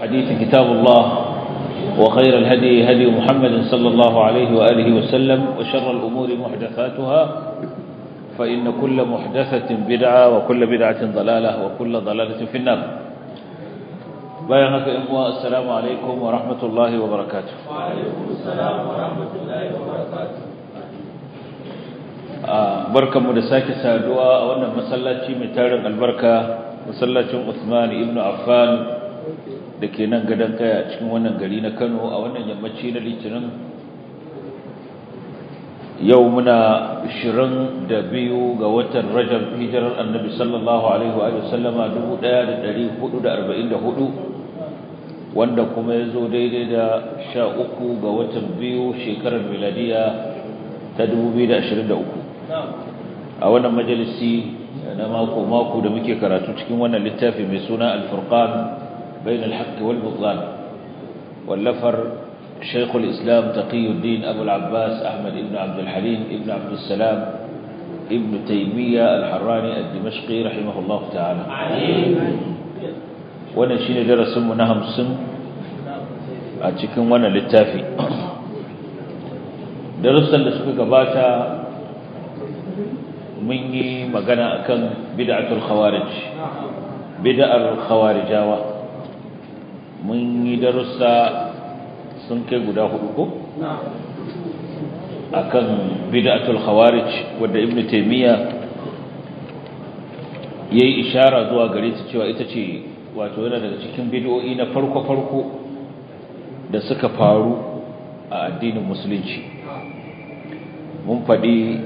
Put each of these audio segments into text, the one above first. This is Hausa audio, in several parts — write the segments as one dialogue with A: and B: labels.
A: حديث كتاب الله وخير الهدي هدي محمد صلى الله عليه وآله وسلم وشر الأمور محدثاتها فإن كل محدثة بدعة وكل بدعة ضلالة وكل ضلالة في النار بيانك إخوة السلام عليكم ورحمة الله وبركاته
B: وعليكم السلام ورحمة الله وبركاته
A: آه، بركة مدساك sake وأن مسلتي wannan البركة مسلتي عثمان ابن عفان da ke nan gadon kaya a cikin wannan gari na kano a wannan yammaci na litinin yau muna shirin da biyu ga watan rajar hijirar annabi sallallahu alaihi wa sallama 1444 wanda kuma ya zo daidai da sha uku ga watan biyu shekarar miladiya ta 2023 a wannan majalisi na mako-mako da muke karatu cikin wannan littafi mai suna alfurkan بين الحق والبطلان واللفر شيخ الإسلام تقي الدين أبو العباس أحمد بن عبد الحليم بن عبد السلام ابن تيمية الحراني الدمشقي رحمه الله تعالى ونشين درس منهم سم أتكم وانا للتافي درس الاسبق باتا مني مغانا أكن بدعة الخوارج بدأ الخوارجاوة mun yi darussa sun kai guda hudu ko akan bid'atul khawarij wadda ibnu taymiya yi ishara zuwa gare ta cewa ita ce wato yana daga cikin bid'o'i na farko farko da suka faru a addinin musulunci mun faɗi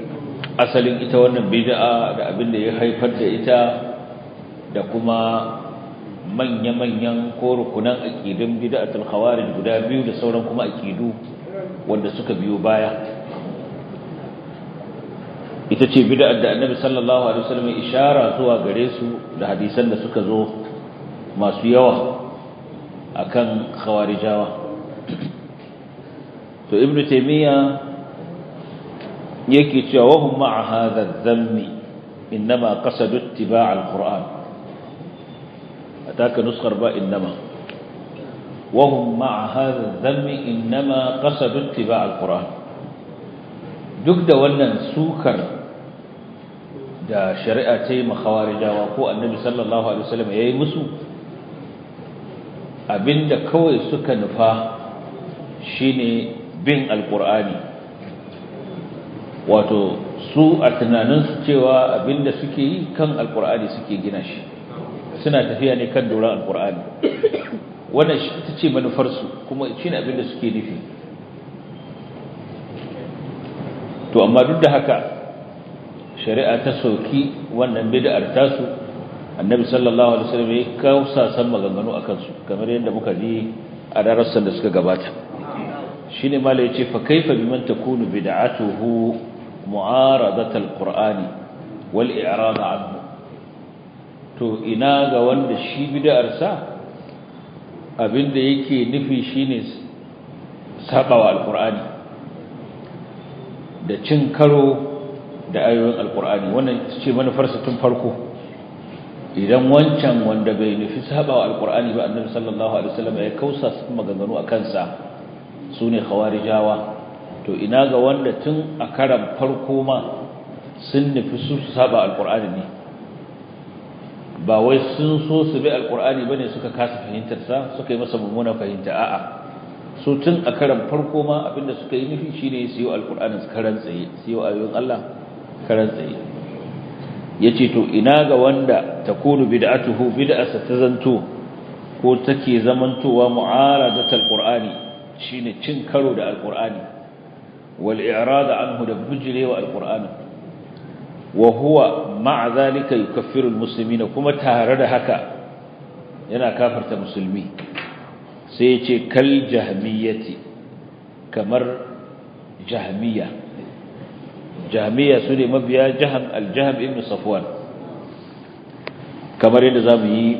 A: asalin ita wannan bid'a da abin da ya haifar da ita da kuma manya-manyan ko rukunan aƙidun bid'atul khawarij guda biyu da sauran kuma aƙidu wanda suka biyo baya ita ce bid'ar da Annabi sallallahu alaihi wasallam ishara zuwa gare su da hadisan da suka zo masu yawa akan khawarijawa to ibnu taymiya yake cewa wa hum ma'a hadha dhammi inma qasadu ittiba' al-qur'an أتاك نسخ أرباء إنما وهم مع هذا الذم إنما قصدوا اتباع القرآن duk da wannan sukar da shari'a ta yi makawarijawa ko annabi sallallahu alaihi wasallam ya yi musu abinda kawai suka nufa shine bin alkur'ani wato su a tunaninsu cewa abinda suke yi kan alkur'ani suke gina shi suna tafiya ne kan doron alkur'ani wannan ita ce manufarsu kuma shi ne abinda suke nufi to amma duk da haka shari'a ta sauki wannan bid'ar tasu annabi sallallahu alaihi wasallam ya kausa san maganganu akan su kamar yadda muka ji a darassan da suka gabata shine mala yace fa kaifa biman takunu bid'atuhu mu'aradat alqur'ani wal i'rad to ina ga wanda shi abin abinda yake nufi shine sabawa alqur'ani da cin karo da ayoyin alqur'ani wannan ce manufarsa tun farko idan wancan wanda bai nufi sabawa alqur'ani ba annabi sallallahu alaihi wasallam ya kausa maganganu akan sa sune khawarijawa to ina ga wanda tun a karan farko ma sun nufi su sabawa alqur'ani ne ba wai sun so su bi alqur'ani bane suka kasa fahimtar sa suka yi masa mummuna fahimta a'a su tun a karan farko ma abinda suka yi nufi shine su yi alqur'ani karan tsaye su yi ayoyin Allah karan tsaye yace to ina ga wanda takunu bid'atuhu bid'asa tazantu ko take zamantowa mu'aradatul qur'ani shine cin karo da alqur'ani wal i'rad anhu da bujire alkur'ani wa huwa ma'a zalika yukaffiru almuslimina kuma tare da haka yana kafarta musulmi sai ya ce kal jahmiyati kamar jahmiya jahmiya su ne mabiya jaham aljaham ibn safwan kamar yadda za mu yi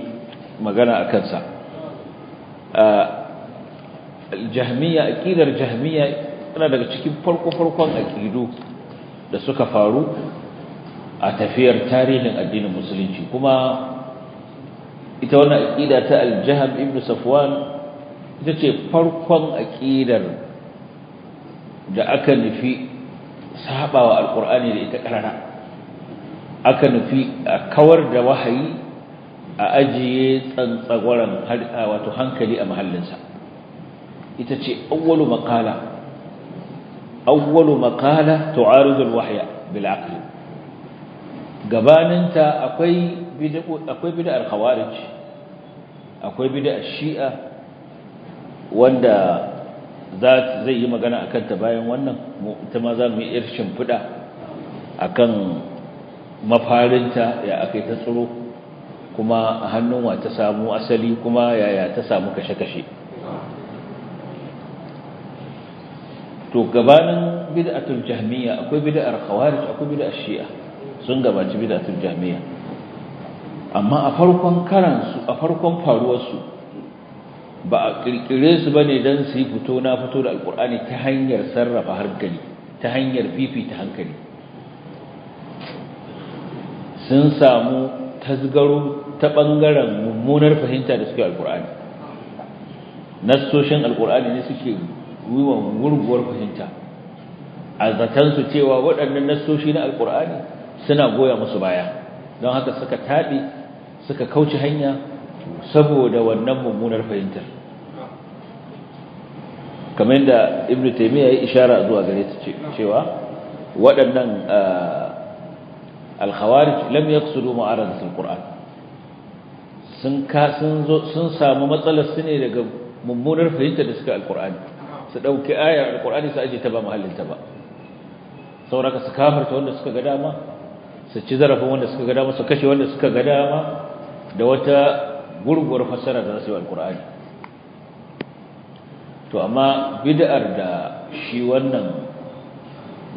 A: magana a kansa jahmiya aƙidar jahmiya tana daga cikin farko-farkon aƙidu da suka faru a tafiyar tarihin addinin musulunci kuma ita wannan aqida ta al ibn safwan ita ce farkon aqidar da aka nufi sabawa alqur'ani da ita karara aka nufi a kawar da wahayi a ajiye tsantsagwaran wato hankali a mahallinsa ita ce awwalu maqala awwalu maqala tu'aridu al-wahya bil aql gabaninta akwai bid'ar khawarij akwai bid'ar shi'a wanda za zai yi magana akan ta bayan wannan ita ma za mu yi irshin fida akan mafarinta ya akai ta tsiro kuma a hannun wa ta samu asali kuma yaya ta samu kashe-kashe to gabanin bid'atul jahmiya akwai bid'ar khawarij akwai bid'ar shi'a sun gabaci bid'atul jami'a amma a farkon karansu a farkon faruwarsu ba a kirkire su bane dan su yi fito na fito da alqur'ani ta hanyar sarrafa hankali ta hanyar fifita hankali sun samu tasgaro ta bangaren mummunar fahimta da suke alqur'ani nassoshin alqur'ani ne suke wiwa gurguwar fahimta a zatansu cewa waɗannan nassoshi na alƙur'ani suna goya musu baya don haka suka tabi suka kauce hanya saboda wannan mummunar fahimtar kamar da ibnu taymiya ya ishara zuwa gare ta cewa waɗannan al-khawarij lam yaqsudu mu'aradat al-qur'an sun ka sun zo sun samu matsalar su ne daga mummunar fahimtar da suka al-qur'ani su dauki aya al-qur'ani su aje ta ba mahallin ta ba sauraka su kafarta wanda suka ga dama su ci zarafin wanda suka ga dama kashe wanda suka ga dama da wata gurguwar fasara da zasu yi alkur'ani to amma bid'ar da shi wannan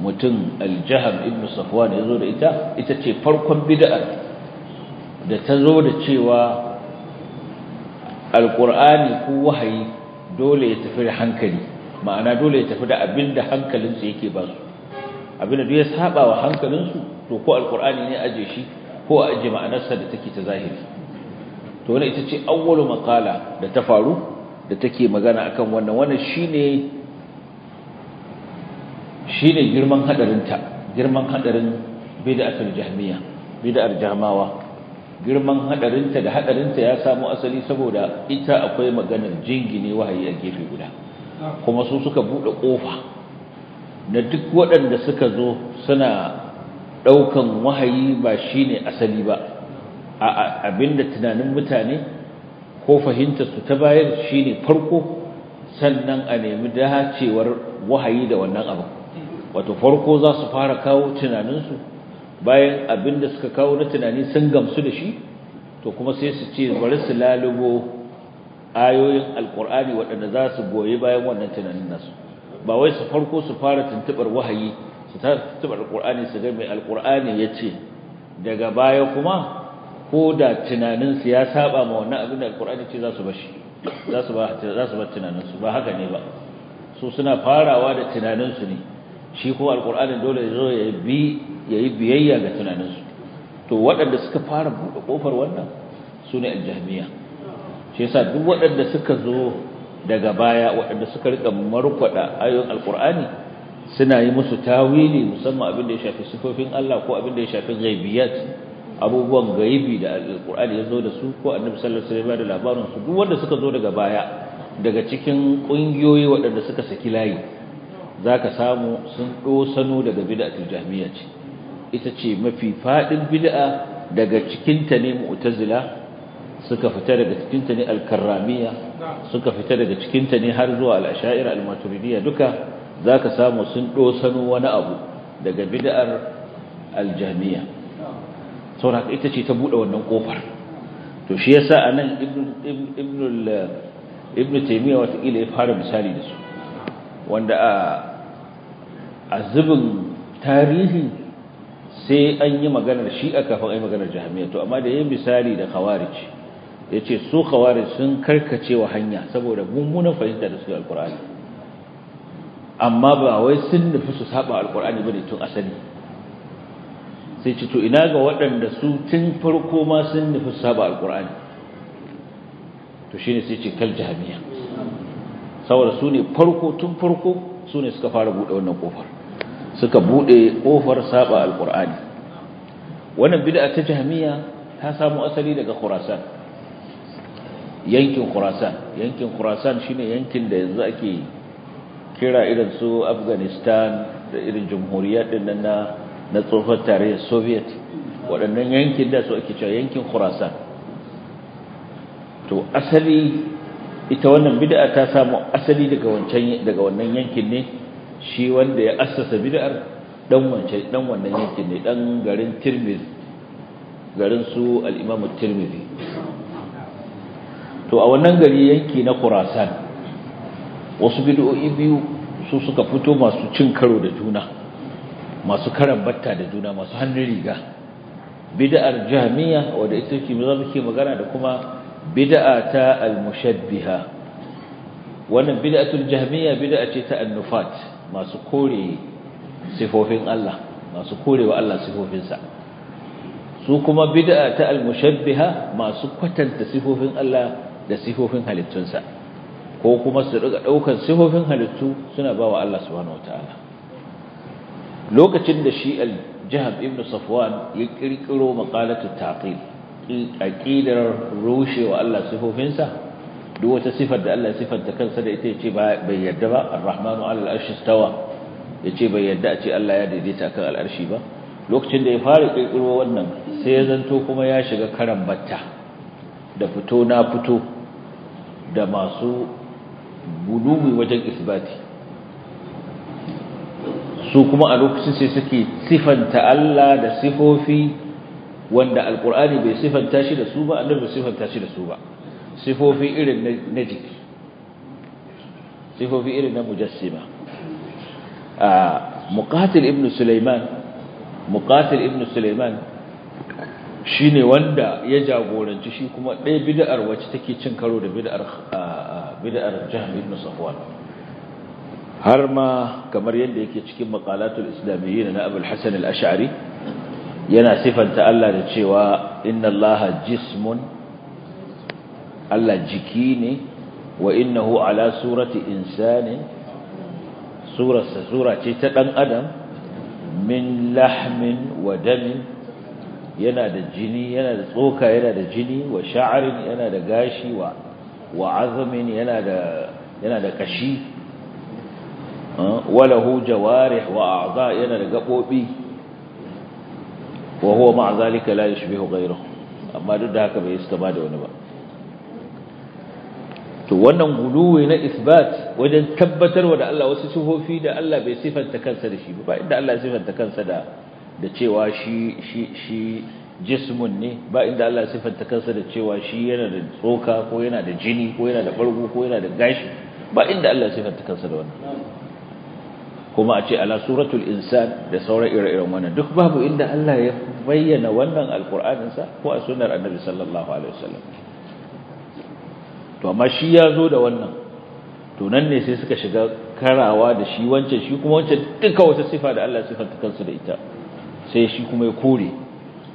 A: mutum aljahab ibn safwan yazo zo da ita ita ce farkon bid'ar da ta zo da cewa alkur'ani ko wahayi dole ya tafi da hankali ma'ana dole ya tafi da abinda hankalinsu yake ba su abinda duk ya saba wa hankalinsu to ko alqur'ani ne aje shi ko a aje ma'anarsa da take ta zahiri to wannan ita ce awwalu maqala da ta faru da take magana akan wannan wannan shine shine girman hadarin ta girman hadarin bid'atul jahmiya bid'ar jahmawa girman ta da ta ya samu asali saboda ita akwai maganar jingine wahayi a gefe guda kuma su suka bude kofa na duk waɗanda suka zo suna Daukan wahayi ba shi ne asali ba abinda tunanin mutane ko su ta bayar shi ne farko sannan a nemi dacewar wahayi da wannan abin wato farko za su fara kawo tunaninsu bayan abinda suka kawo na tunani sun gamsu da shi to kuma sai su ce bari su lalubo ayoyin alkur'ani waɗanda za su goyi bayan wannan tunanin nasu ba wai su farko su fara tuntuɓar wahayi ta tuba alqur'ani su ga mai alqur'ani yace daga baya kuma ko da tunanin su ya saba ma wannan abin da alqur'ani ce za su bashi za ba za su ba tunanin su ba haka ne ba su suna farawa da tunanin su ne shi ko alqur'ani dole ya zo ya bi yayi biyayya ga tunanin su to waɗanda suka fara buɗe kofar wannan su ne aljahmiya shi yasa duk waɗanda suka zo daga baya waɗanda suka rika markwada ayoyin alqur'ani suna yi musu tawili musamman abin da ya shafi sifofin Allah ko abin da ya shafi ghaibiyat abubuwan gaibi da alqur'ani ya zo da su ko annabi sallallahu alaihi wasallam da labarin su duk wanda suka zo daga baya daga cikin kungiyoyi waɗanda suka saki layi zaka samu sun sano daga bid'atul jahmiyya ce ita ce mafi fadin bid'a daga cikin ta ne mu'tazila suka fita daga cikin ta ne al-karramiyya suka fita daga cikin ta ne har zuwa al ashairah al-maturidiyya duka za ka samu sun ɗosano wani abu daga bida'ar aljamiya saura ita ce ta buɗe wannan ƙofar to shi ya sa a nan ibn taimiyya watakila ya fara misali da su wanda a zubin tarihi sai an yi maganar a kafin an yi maganar jami'a to amma da yin misali da khawarij ya ce su khawarij sun karkacewa hanya saboda mummunan fahimta da su alkur'ani amma ba wai sun nufi su saba alkur'ani bane tun asali sai ce to ina ga waɗanda su tun farko ma sun nufi su saba alkur'ani to shine sai ce kal jahamiya saboda su ne farko tun farko su ne suka fara buɗe wannan kofar suka buɗe kofar saba alkur'ani wannan bid'a ta jahamiya ta samu asali daga khurasan yankin khurasan yankin khurasan shine yankin da yanzu ake kira irin su afghanistan da irin jamhuriyar din na na tsohon tarayyar soviet waɗannan yankin da su ake cewa yankin khurasan to asali ita wannan bid'a ta samu asali daga wancan daga wannan yankin ne shi wanda ya assasa bid'ar dan wancan dan wannan yankin ne dan garin Tirmidhi garin su al-Imam Tirmidhi to a wannan gari yanki na Khurasan wasu bid'o'i biyu su suka fito masu cin karo da juna masu karambata da juna masu hannun riga bid'ar jahmiya wadda ita ce mu zama magana da kuma bid'a ta al-mushabbiha wannan bid'atul jahmiya bid'a ce ta annufat masu kore sifofin Allah masu korewa Allah sifofinsa su kuma bid'a ta al-mushabbiha masu kwatanta sifofin Allah da sifofin halittunsa ko kuma su riga daukan sifofin halittu suna bawa Allah subhanahu wataala lokacin da shi al-Jahab ibn Safwan ya kirkiro maqalatu taqil aqidar wa Allah sa duk wata sifar da Allah sifanta kansa da ita yace bai yadda ba ar-rahmanu 'ala al-arshi stawa yace bai yadda a ce Allah ya daidaita kan al-arshi ba lokacin da ya fara kirkiro wannan sai ya zanto kuma ya shiga karan batta da fito na fito da masu guluwi wajen isbati su kuma a lokacin sai suke sifanta Allah da sifofi wanda alkur'ani bai sifanta shi da su ba annabi bai sifanta shi da su ba sifofi irin na jiki sifofi irin na mujassima a ah, muqatil ibn sulaiman muqatil ibn sulaiman shi ne wanda ya jagoranci shi kuma ɗaya bida'ar wacce take cin karo da bida'ar jihar ibn safwan har ma kamar yadda yake cikin makalatul islamiyyi na abul hassan al'ashari yana sifanta Allah da cewa inna Allah jismun Allah jiki ne wa innahu ala surati insani surarsa sura ce ta ɗan adam min lahmin wa damin yana da jini yana da tsoka yana da jini wa sha'arin yana da gashi wa wa azmin yana da yana da kashi walahu jawarih wa a'za yana da gabobi wa huwa ma'a zalika la yushbihu ghayruhu amma duk da haka bai iska ba da wani ba to wannan guluwi na isbat wajen tabbatarwa da Allah wasu sifofi da Allah bai sifanta kansa da shi ba inda Allah ya sifanta kansa da da cewa shi shi shi jismun ne ba inda Allah ya sifanta kansa da cewa shi yana da tsoka ko yana da jini ko yana da bargo ko yana da gashi ba inda Allah ya sifanta kansa da wannan kuma a ce ala suratul insan da sauran ire-iren wannan duk babu inda Allah ya bayyana wannan alkur'aninsa ko a sunnar annabi sallallahu alaihi wasallam to amma shi ya zo da wannan to nan ne sai suka shiga karawa da shi wancan shi kuma wancan duka wata sifa da Allah ya sifanta kansa da ita sai shi kuma ya kore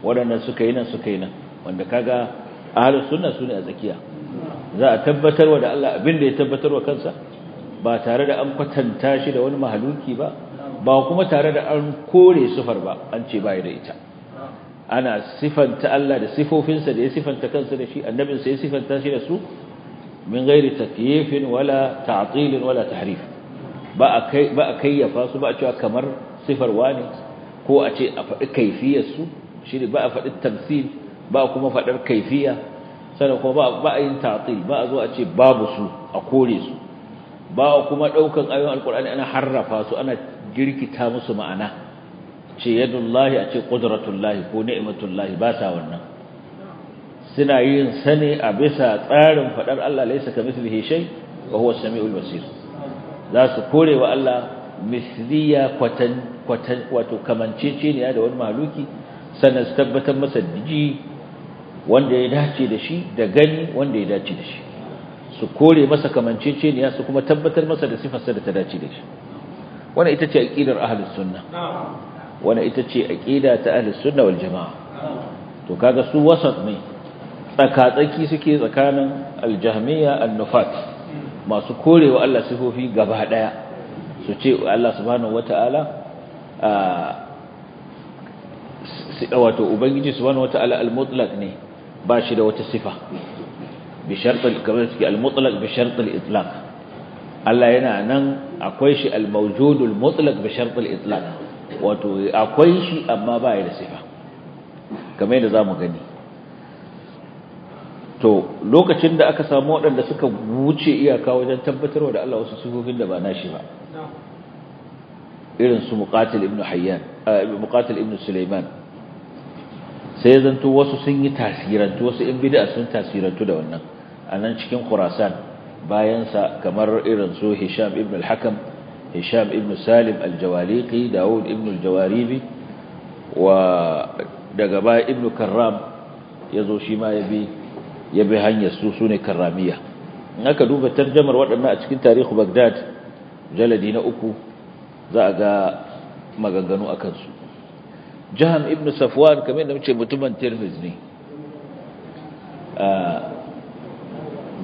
A: waɗannan suka yi nan suka yi nan wanda kaga ahlus sunna ne a tsakiya za a tabbatar wa da Allah abin da ya wa kansa ba tare da an kwatanta shi da wani mahaluki ba ba kuma tare da an kore sifar ba an ce bai da ita ana sifanta Allah da sifofinsa da ya sifanta kansa da shi sa ya sifanta shi da su min gairi takyifin wala ta'til wala tahrif ba a kai ba a kayyafa su ba a cewa kamar sifar wani ko a ce a faɗi kaifiyarsu shi ne ba a faɗi tamsil ba kuma faɗar kaifiya sannan kuma ba a yin tatil ba a zo a ce babu su a kore su ba kuma ɗaukan ayon alkur'ani ana harrafa su ana girkita musu ma'ana ce yadullahi a ce qudratullahi ko ni'matullahi ba sa wannan suna yin sani a bisa tsarin faɗar Allah laisa ka mislihi shai, wa huwa samiul basir za su kore wa Allah misliya kwatan kwatan wato kamancece da wani maluki sannan su tabbatar masa ji wanda ya dace da shi da gani wanda ya dace da shi su kore masa kamancece su kuma tabbatar masa da sifarsa da ta dace da shi wannan ita ce aqidar ahlus sunna wannan ita ce aqida ta ahlus sunna wal jamaa to kaga su wasat ne tsakatsaki suke tsakanin aljahmiya annufat masu korewa Allah sifofi gaba daya su ce Allah subhanahu wata'ala wato ubangiji subhanahu wata'ala al-mutlaq ne ba shi da wata sifa bi shartil kamar suke al-mutlaq bi shartil itlaq Allah yana nan akwai shi al-mawjudul mutlaq bi shartil itlaq wato akwai shi amma ba ya da sifa kamar yadda zamu gani to lokacin da aka samu waɗanda suka wuce iyaka wajen tabbatarwa da Allah wasu sifofin da ba nashi ba irin su muqatil ibn hayyan muqatil sulaiman sai zanto wasu sun yi tasirantu wasu in bid'a sun tasirantu da wannan anan cikin khurasan Bayansa kamar irin su hisham ibn al-hakam hisham ibn salim al-jawaliqi daud ibn al-jawaribi wa daga baya ibn karram yazo shi ma ya bi ya bi hanyar su su ne karamiya. in aka duba tarjamar waɗannan a cikin tarihu bagdad jaladi na uku za a ga maganganu a kansu jiham ibn safwan kamar da mace mutumin tirmiz ne a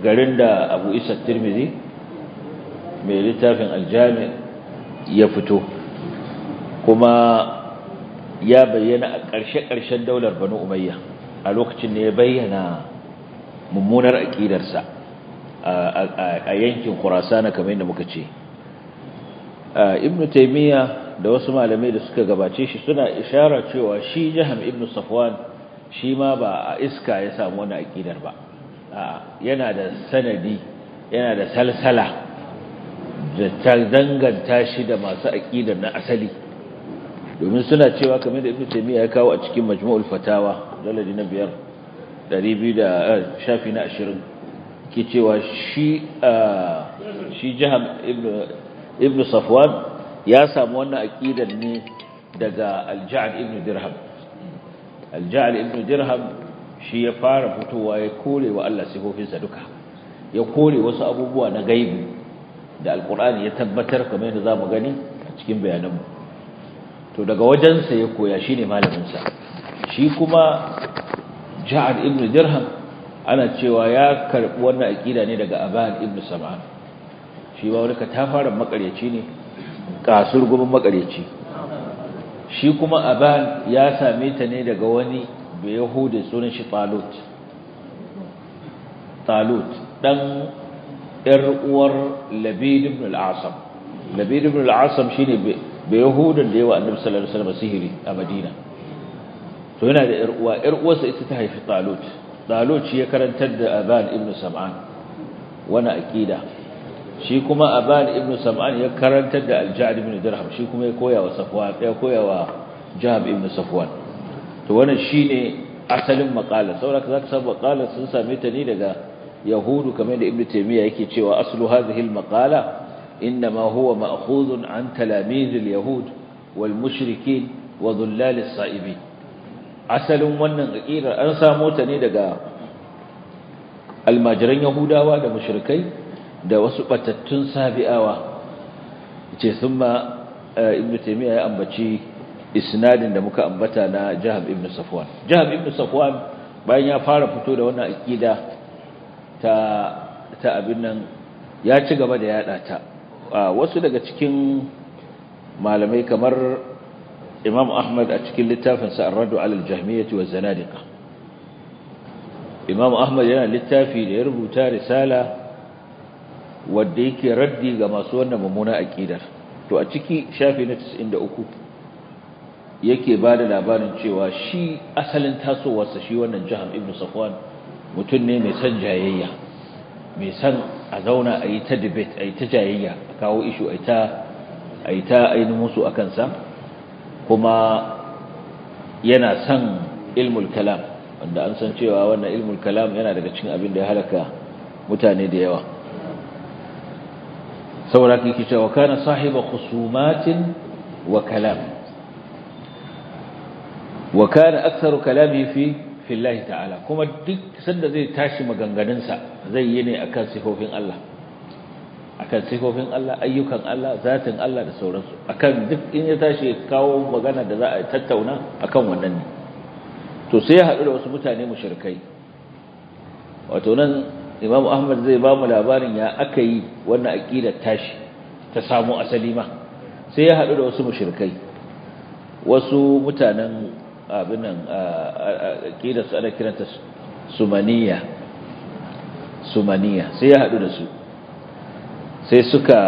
A: garin da abu isa tirmizi mai littafin aljami ya fito kuma ya bayyana a ƙarshe-ƙarshen daular banu umayya a lokacin ne ya bayyana mummunar aqidarsa a yankin Khurasan kamar yadda muka ce Ibn Taymiyyah da wasu malamai da suka gabace shi suna ishara cewa shi jihar ibn Safwan shi ma ba a iska ya samu wani aƙidar ba yana da sanadi yana da salsala da ta danganta shi da masu aƙidar na asali domin suna cewa kamar da Ibn Taymiyyah ya kawo a cikin Majmu'ul Fatawa dalili na biyar da eh, shafi na ashirin ke cewa shi jihar ibn safwan ya samu wannan aƙidar ne daga al ibn dirham al ibn dirham shi ya fara fitowa ya kore wa Allah sifofinsa duka ya kore wasu abubuwa na gaibi da alkur'ani ya tabbatar kamar yadda mu gani a cikin bayananmu to daga wajensa ya koya shine malaminsa, shi kuma ja'ad ibn dirham ana cewa ya karbi wannan aqida ne daga aban ibn sam'an shi ba wani katafaren makareci ne kasur gumin makareci shi kuma aban ya same ta ne daga wani be yahudi sunan shi talut talut dan yar uwar labid ibn al-asam labid ibn al-asam shine be yahudin da yawa annabi sallallahu alaihi wasallam sihiri a madina to yana da ƴar uwa ƴar uwarsa ita ta haifi talut talut shi ya karantar da aban ibnu sam'an wani aqida shi kuma aban ibnu sam'an ya karantar da al-ja'd ibn dirham shi kuma ya koya wa safwan ya koya wa jahab ibn safwan to wannan shine asalin maqala saboda zaka san maqala sun same ta ne daga yahudu kamar da ibnu taymiya yake cewa aslu hadhihi al-maqala inma huwa ma'khudun an talamiz al-yahud wal mushrikin wa dhullal as-sa'ibin asalin wannan aqidar an samo ta ne daga almajiran yahudawa da mushrikai da wasu batattun sabi'awa ce thumma eh, ibnu taymiya ya ambaci isnadin da muka ambata na jahab ibn safwan jahab ibn safwan bayan ya fara fito da wannan aƙida ta ta abin nan ya ci gaba da yada ta ah, wasu daga cikin malamai kamar imam ahmad a cikin littafinsa ar radu ala al-jahmiyyah wa zanadiqa imam ahmad yana littafi da ya rubuta risala wanda yake raddi ga masu wannan mummuna aqidar to a ciki shafi na 93 yake da labarin cewa shi asalin tasowarsa shi wannan jihar ibn safwan mutum ne mai san jayayya mai san a zauna a yi ta debate a yi ta jayayya a kawo ishu a yi ta ainihin musu a kansa kuma yana son ilmul kalam wanda an san cewa wannan ilmul kalam yana daga cikin abin da ya halaka mutane da yawa saboda kike cewa kana sahiba khusumatin wa kalam wa kana aktharu kalami fi fillahi ta'ala kuma duk sanda zai tashi maganganunsa zai yi ne akan sifofin Allah akan sifofin Allah ayyukan Allah zatin Allah da sauransu akan duk in ya tashi kawo magana da za a tattauna akan wannan ne to sai ya haɗu da wasu mutane mushrikai wato nan Imam Ahmad zai ba mu labarin ya aka yi wannan aqidar tashi ta samu asali ma sai ya haɗu da wasu mushrikai wasu mutanen abin nan aqidar su ana kiranta sumaniya sumaniya sai ya haɗu da su sai suka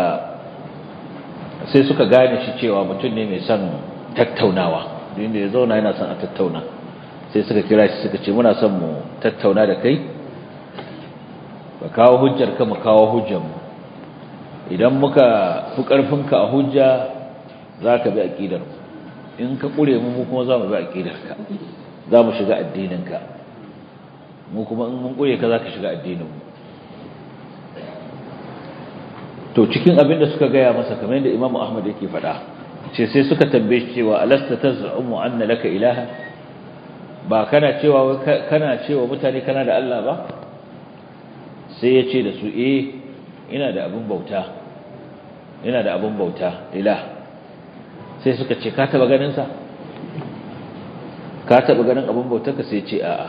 A: sai suka gane shi cewa mutum ne mai son tattaunawa inda ya zauna yana son a tattauna sai suka kira shi suka ce muna son mu tattauna da kai ka kawo hujjar ka mu kawo hujjar mu idan muka fi ƙarfinka a hujja za ka bi aƙidar mu in ka ƙure mu mu kuma za mu bi a ƙidar ka za mu shiga addininka mu kuma in mun ƙure ka za ka shiga addinin mu to cikin abin da suka gaya masa kamar yadda imamu ahmad yake faɗa ce sai suka tambaye shi cewa alasta taz'umu anna laka ilaha ba kana cewa kana cewa mutane kana da Allah ba sai ya ce da su eh ina da abin bauta ina da abin bauta ila sai suka ce ka taba ganin sa ka taba ganin abin bautar ka sai ya ce a'a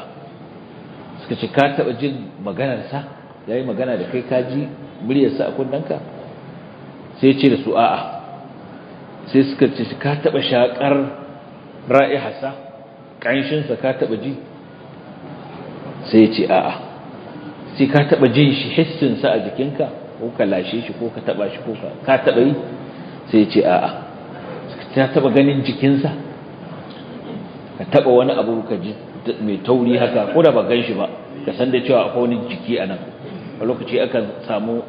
A: suka ce ka taba jin maganar sa Ya yi magana da kai kaji muryarsa a kundanka sai ce da su a'a sai suka ce ka taba shakar ra'i hasa? Ƙanshinsa ka taba ji sai ce a'a sai ka taba jin shi hissinsa a jikinka ko ka lashe shi ko ka taba shi ko ka taba yi sai ce a'a ka taba ganin jikinsa ka taba wani abu ka ji mai tauri haka ko da ba gan shi ba ka san da cewa akwai wani jiki a nan a lokaci aka samu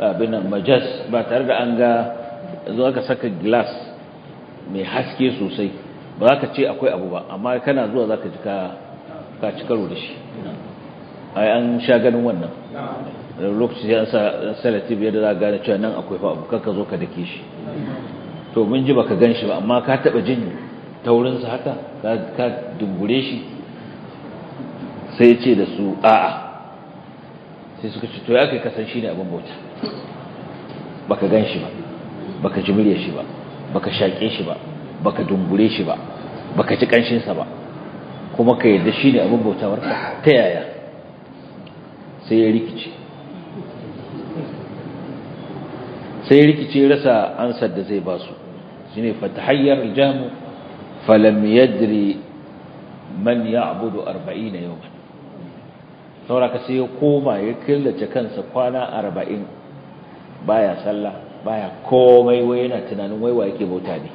A: abinan majas ba tare da an ga zo aka saka glass mai haske sosai ba za ka ce akwai abu ba amma kana zuwa za ka ji ka ci karo da shi a yi an sha ganin wannan lokaci sai an sa salatif yadda za a gane cewa nan akwai fa abu kakka zo ka dake shi to mun ji baka gan shi ba amma ka taba jin taurin taurinsa haka ka dungure shi sai ce da su a'a sai suka ce to ya kai kasan shine abin bauta baka gan shi ba baka jimire shi ba baka shaƙe shi ba baka dungure shi ba baka ci kanshin sa ba kuma ka shi shine abin bautawar ka ta yaya sai ya rikice sai ya rikice rasa ansar da zai ba su fata fatahayyar jamu falam yadri man na yau ba. saura ka sai ya koma ya killace kansa kwana arba'in baya sallah baya komai wai yana tunanin wai wa yake bauta ne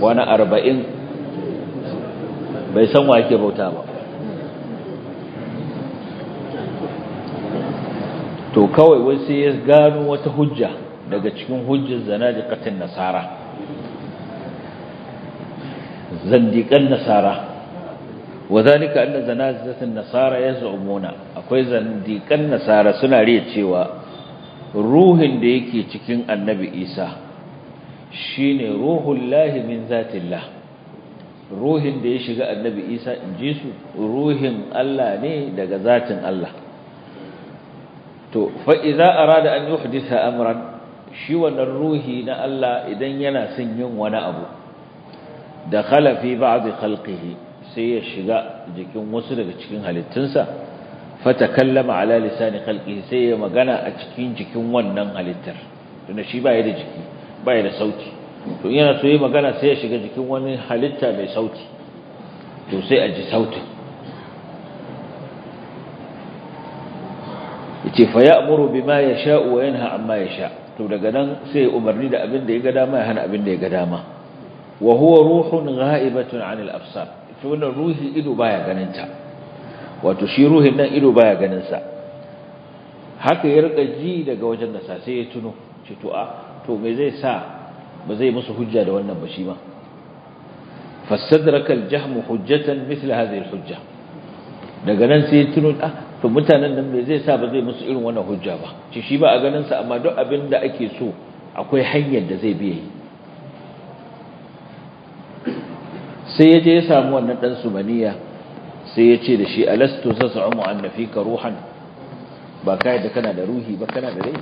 A: Kwana arba'in bai san wa yake bauta ba to kawai wai sai ya gano wata hujja daga cikin hujjar katin nasara Zandikan nasara وذلك أن زنازة النصارى يزعمون أكوي زنديق النصارى سناري تشيوا روح ديكي تكين النبي إيسى شين روح الله من ذات الله روح ديشي النبي إيسى جيسو روح الله ني دقى ذات الله to fa idza arada an yuhditha amran shi wannan ruhi na Allah idan yana son yin wani abu dakhala fi ba'd khalqihi sai ya shiga jikin wasu daga cikin halittunsa kallama ala lisani khalqihi sai ya magana a cikin jikin wannan halittar tunda shi baya da jiki baya da sauti to yana so yi magana sai ya shiga jikin wani halitta mai sauti to sai a ji sautin yace fa ya'muru bima yasha'u wa yanha amma yasha to daga nan sai umarni da abin da ya ga dama ya hana abin da ya ga dama wa huwa ruhun gha'ibatun 'anil absar to wannan ruhi ido baya ganin ta wato shi ruhin nan ido baya ganin sa haka ya rika ji daga wajen nasa sai ya tuno ce to a ah, to me zai sa ba zai musu hujja da wannan ba shi ma fastadraka al hujjatan mithla hadhihi hujja daga nan sai ya tuno a ah, to mutanen nan me zai sa ba zai musu irin wannan hujja ba shi ba a ganin sa amma duk abin da ake so akwai hanyar da zai biye sai ya je ya samu wannan dan sumaniya sai ya ce da shi alastu sas'umu anna ka ruhan ba kai da kana da ruhi ba kana da rai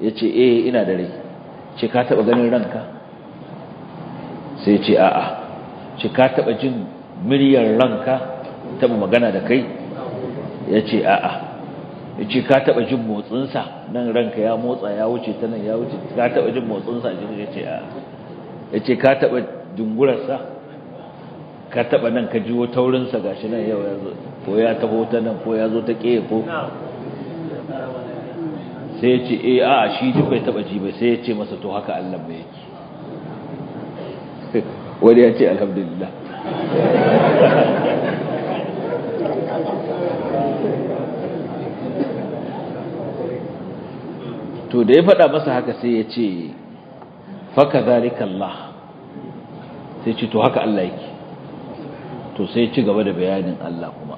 A: Ya ce, eh ina da rai ce ka taba ganin ranka sai ce a'a ce ka taba jin miliyan ranka taba magana da kai Ya yace a'a ce ka taba jin motsinsa nan ranka ya motsa ya wuce ta nan ya wuce ka taba jin motsinsa jini ya ce a ya ce ka taba dungurarsa ka taba nan ka jiwo taurinsa shi nan yau ya zo ko ya taho ta nan ko ya zo ta ƙeye ko sai ya ce eh, a a shi duk bai taba ji bai sai ya ce masa to haka Allah mai yake wani ya ce alhamdulillah to da ya faɗa masa haka sai ya ce faka zalika Allah sai ce to haka Allah yake to sai ci gaba da bayanin Allah kuma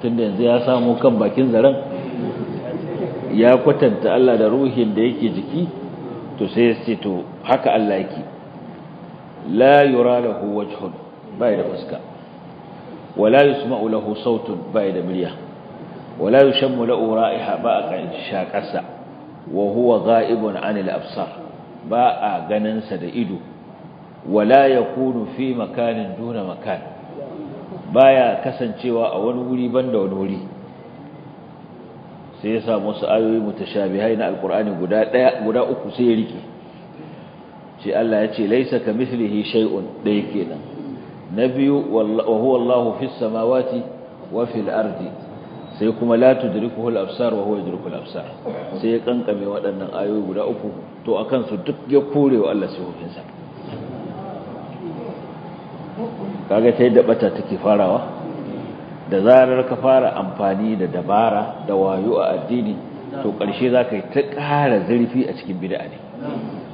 A: tunda yanzu ya samu kan bakin zaren ya kwatanta Allah da ruhin da yake jiki to sai ya ce to haka Allah yake la yura lahu wajhun bai da fuska wala yusma'u lahu sautun bai da murya wala yushammu lahu ra'iha ba a kan shakarsa wa huwa ghaibun anil absar ba a ganin sa da ido wala ya kunu fi makanin duna makan baya kasancewa a wani wuri banda wani wuri sai ya samu su ayoyi mutashabihai na alqur'ani guda daya guda uku sai ya rike Sai Allah ya ce laisa mislihi shay'un dai kenan na biyu wa huwa Allahu fis samawati wa fil ardi sai kuma la tudrikuhu al absar wa huwa yudriku al absar sai ya kankame waɗannan ayoyi guda uku to akan su duk ya korewa Allah sai hukunsa kaga ta yadda bata take farawa da zarar ka fara amfani da dabara da wayo a addini to ƙarshe za ka yi ta ƙara zurfi a cikin bid'a ne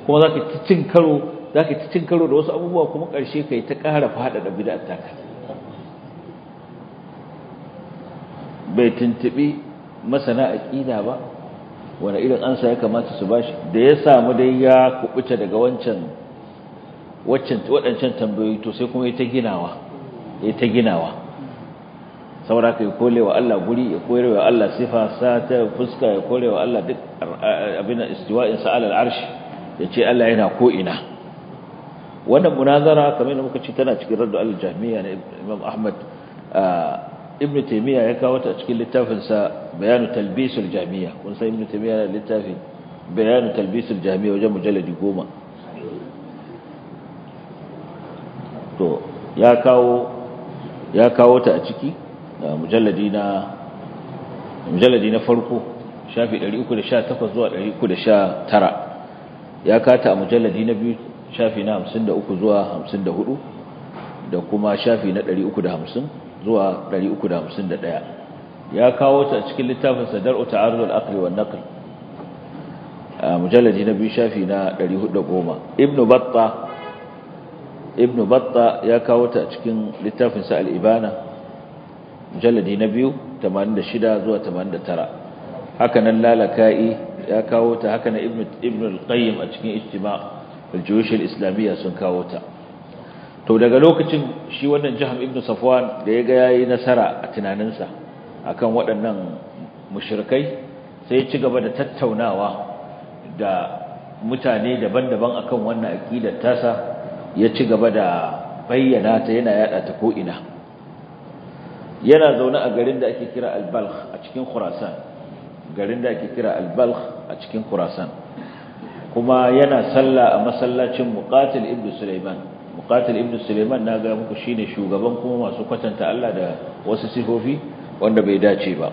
A: kuma za ka cin karo za ka cin karo da wasu abubuwa kuma ƙarshe ka yi ta ƙara da bid'a ka. bai tuntuɓi masana aƙida ba wani irin ansa ya kamata su ba bashi da ya samu dai ya kuɓuta daga wancan waccan waɗancan tambayoyi to sai kuma ya ta ginawa ya ta ginawa saboda ka yi kolewa Allah guri ya wa Allah sifa sa ta fuska ya wa Allah duk abin istiwa'in sa alal arshi ya ce Allah yana ko ina wannan munazara kamar da muka ce tana cikin raddu al jami'a na Imam Ahmad Ibn Taymiyyah ya kawo ta cikin littafin sa Bayanu Talbisul Jami'a kun san Ibn Taymiyyah littafin Bayanu Talbisul Jami'a wajen mujalladi goma to ya kawo ya kawo ta a ciki da mujalladi na mujalladi na farko shafi 318 zuwa 319 ya kata a mujalladi na biyu shafi na 53 zuwa 54 da kuma shafi na 350 zuwa 351 ya kawo ta a cikin littafin sadar sadar'u al aqli wan naql a mujalladi na biyu shafi na 410 ibnu batta ibn batta ya kawo ta a cikin littafinsa al'ibana mujalladi na biyu 86 zuwa 89 haka lalaka'i ya kawo ta haka na ibn al-qayyim a cikin ijtima al islamiyya sun kawo ta to daga lokacin shi wannan jihar ibn safwan da ya ga yayi nasara a tunaninsa akan waɗannan mushrikai sai ya ci gaba da tattaunawa da mutane daban-daban akan wannan aqidar tasa ya ci gaba da bayyana ta yana yada ta ko'ina. yana zaune a garin da ake kira al-balkh a cikin khurasan garin da ake kira al-balkh a cikin khurasan kuma yana salla a masallacin muqatil ibnu sulaiman muqatil ibnu sulaiman na ga muku shine shugaban kuma masu kwatanta Allah da wasu sifofi wanda bai dace ba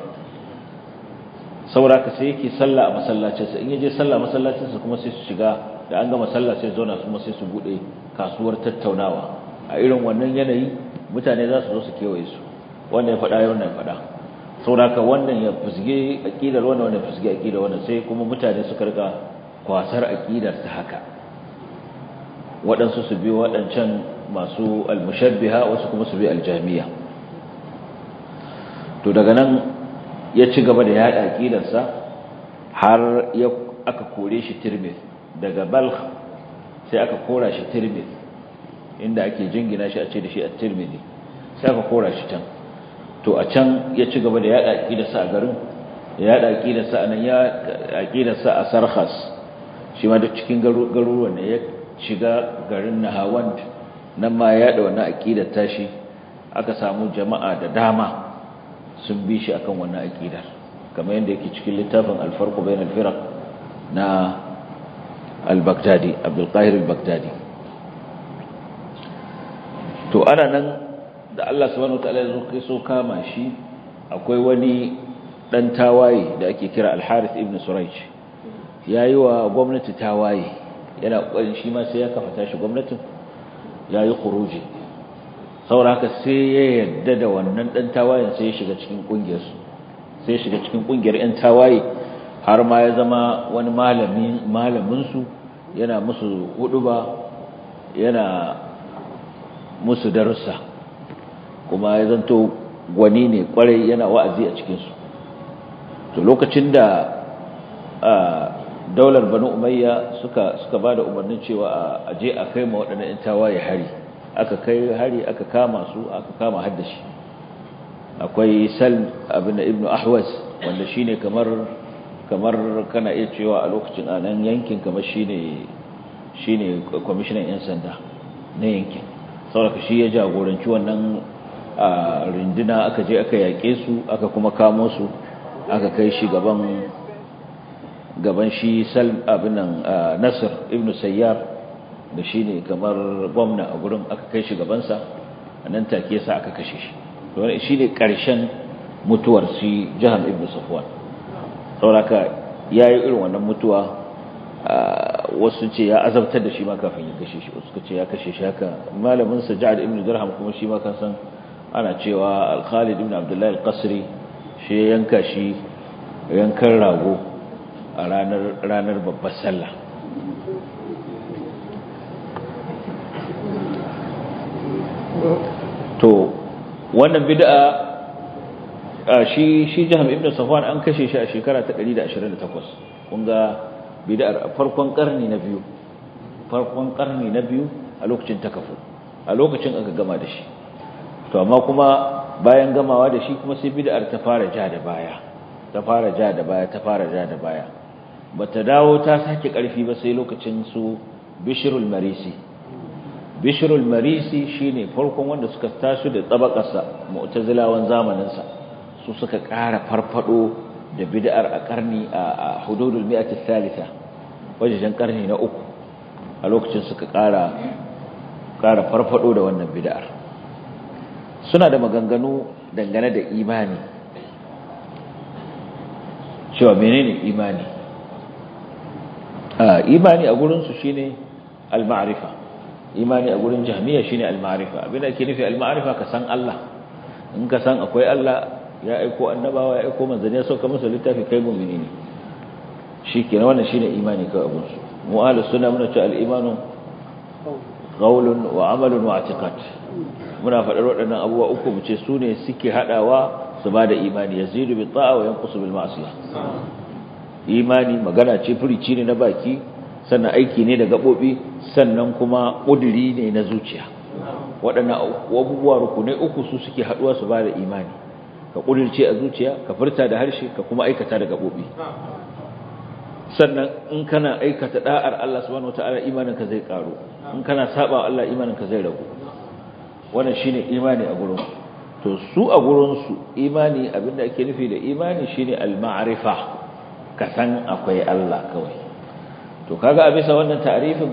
A: saboda ka sai yake salla a masallacinsa in yaje salla masallacinsa kuma sai su shiga da an gama sallah sai zauna kuma sai su bude kasuwar tattaunawa a irin wannan yanayi mutane za su zo su kewaye su wannan ya faɗa ya fada faɗa saboda wannan ya fusge aqidar wannan wannan fusge aqidar wannan sai kuma mutane suka rika kwasar aqidar ta haka waɗansu su bi waɗancan masu almushabbiha wasu kuma su bi aljamiya to daga nan ya ci gaba da yaɗa aqidarsa har ya aka kore shi tirmidhi daga balkh sai aka kora shi tirmidhi inda ake jingina shi a ce da shi a tirmidhi sai aka kora shi can to a can ya ci gaba da yada aqidarsa a garin ya yada aqidarsa a nan ya aqidarsa a sarhas shi ma duk cikin garuruwan ne ya shiga garin nahawand nan ma ya da wannan aqidar tashi aka samu jama'a da dama sun bi shi akan wannan aqidar kamar yadda yake cikin littafin al-farq bain na al-baghdadi abdulkahir al-baghdadi to ana nan da Allah subhanahu wataala ya zuke so kama shi akwai wani dan tawaye da ake kira al-harith ibn suraij yayi wa gwamnati tawaye yana kokarin shi ma sai ya kafa tashi gwamnatin yayi khuruji saboda haka sai ya yadda da wannan dan tawayen sai ya shiga cikin kungiyar sai ya shiga cikin kungiyar yan tawaye har ma ya zama wani malamin malaminsu yana musu huduba yana musu darussa kuma ya zanto gwani ne kwarai yana wa'azi a cikinsu to lokacin da daular banu umayya suka suka bada umarnin cewa a je a kai ma waɗannan 'yan tawaye hari aka kai hari aka kama su aka kama haddashi akwai sal abin ibnu ahwas wanda shine kamar kamar kana iya cewa a lokacin a nan yankin kamar shine ne kwamishinan 'yan sanda na yankin sauraka shi ya jagoranci wannan a rinduna aka je aka yaƙe su aka kuma kamo su aka kai shi gaban gaban shi sal abinan nasir ibn sayyar da shi ne kamar gwamna a gurin aka kai shi gabansa a nan take sa aka kashe shi shi ne ƙarshen mutuwar shi jihar ibn safwan sauraka ya yi irin wannan mutuwa wasu ce ya azabtar da shi ma kafin ya kashe shi wasu ce ya kashe shi haka malamin sa ja'ad ibn dirham kuma shi ma kan san ana cewa al-khalid ibn abdullahi al-qasri shi ya yanka shi yankan rago a ranar ranar babbar sallah to wannan bid'a shi shi jaham ibn safwan an kashe shi a shekara ta 128 kun ga bid'ar farkon karni na biyu farkon karni na biyu a lokacin takafu a lokacin aka gama da shi to amma kuma bayan gamawa da shi kuma sai bid'ar ta fara ja da baya ta fara ja da baya ta fara ja da baya bata dawo ta sake karfi ba sai lokacin su bishrul marisi bishrul marisi shine farkon wanda suka tashi da tsabakarsa mu'tazilawan zamaninsa su suka ƙara farfado da bid'ar a karni a hududul mi'ati Salisa wajen karni na uku a lokacin suka ƙara ƙara farfado da wannan bid'ar suna da maganganu dangane da imani cewa menene imani a imani a gurinsu su shine al maarifa imani a gurin jahmiya shine al maarifa abin da ke nufi al maarifa ka san Allah in ka san akwai Allah ya aiko annabawa ya aiko manzanni ya sauka musu littafi kai mu'mini ne shikenan wannan shine imani kai abun su mu ahlus sunna muna cewa al-imanu qawlun wa 'amalun wa i'tiqad muna faɗar waɗannan abubuwa uku mu ce su ne suke haɗawa su bada imani yazidu bi ta'a wa yanqusu bil ma'siyah imani magana ce furici ne na baki sannan aiki ne da gabobi sannan kuma ƙuduri ne na zuciya waɗannan abubuwa rukunai uku su suke haɗuwa su bada imani ka kudirce a zuciya ka furta da harshe ka kuma aikata da gabobi sannan in kana aikata da'ar Allah subhanahu wataala imanin ka zai karu in kana saba Allah imanin ka zai ragu wannan shine imani a gurin to su a gurin su imani abinda ake nufi da imani shine al-ma'rifa ka san akwai Allah kawai to kaga a bisa wannan ta'arifin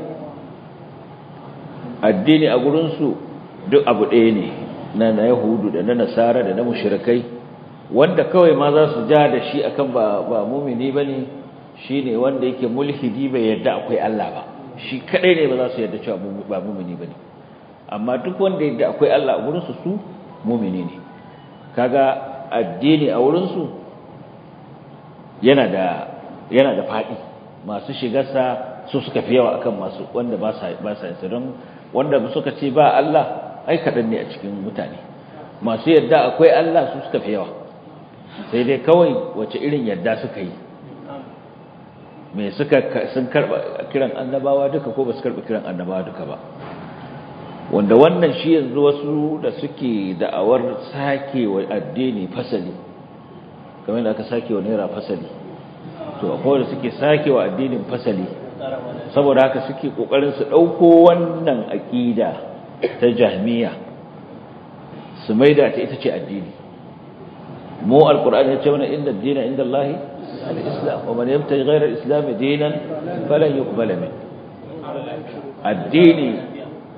A: addini a gurin su duk abu ɗaya ne na na yahudu da na nasara da na mushrikai wanda kawai ma za su ja da shi akan ba ba mumini bane shine wanda yake mulhidi bai yadda akwai Allah ba shi kadai ne ba za su yadda cewa ba mumini bane amma duk wanda yadda akwai Allah a wurin su su mumini ne kaga addini a wurin su yana da yana da fadi masu shigarsa su suka fi yawa akan masu wanda ba sa ba sa don wanda suka ce ba Allah ai kaɗan ne a cikin mutane masu yadda akwai Allah su suka fi yawa sai dai kawai wace irin yadda suka yi me suka sun karba kiran annabawa duka ko ba su karba kiran annabawa duka ba wanda wannan shi yanzu wasu da suke da'awar sake wa addini fasali kamar da aka sake wa naira fasali to akwai da suke sake wa addinin fasali saboda haka suke kokarin su ɗauko wannan aƙida. ta jahmiya su da ta ita ce addini mu alqur'ani ya ce mana inda dina inda Allah al-islam wa man yamta ghayra al-islam dinan fala yuqbal min
B: addini